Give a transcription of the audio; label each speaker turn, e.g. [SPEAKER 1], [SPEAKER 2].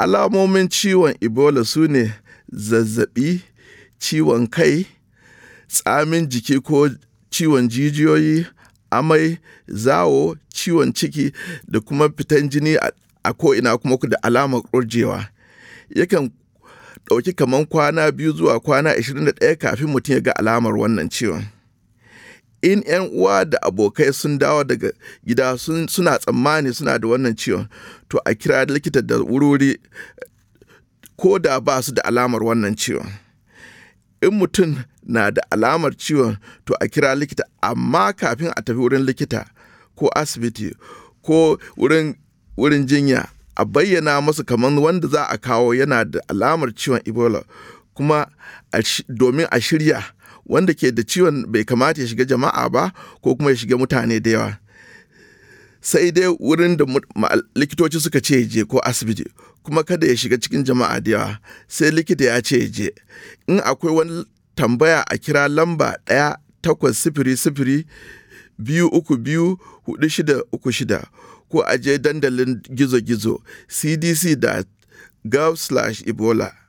[SPEAKER 1] Alamomin ciwon Ebola su ne zazzaɓi, ciwon kai, tsamin jiki ko ciwon jijiyoyi, amai, zawo, ciwon ciki da kuma fitan jini a ko'ina kuma da alamar ƙurjewa. Yakan ɗauki kaman kwana biyu zuwa kwana 21 kafin mutum ya ga alamar wannan ciwon. in 'yan uwa da abokai sun dawo daga gida suna tsammani suna da wannan ciwon to a kira likita da wuri ko da ba su da alamar wannan ciwon in mutum na da alamar ciwon to a kira likita amma kafin a tafi wurin likita ko asibiti ko wurin, jinya a bayyana masu kamar wanda za a kawo yana da alamar ciwon ebola kuma domin a shirya wanda ke da ciwon bai kamata ya shiga jama'a ba ko kuma ya shiga mutane da yawa sai dai wurin da likitoci suka ce je ko asibiti kuma kada ya shiga cikin jama'a da yawa sai likita ya ce je in akwai wani tambaya a kira lamba ɗaya takwas sifiri sifiri biyu uku biyu hudu shida uku shida ko aje dandalin gizo-gizo cdc da cdc.gov/ebola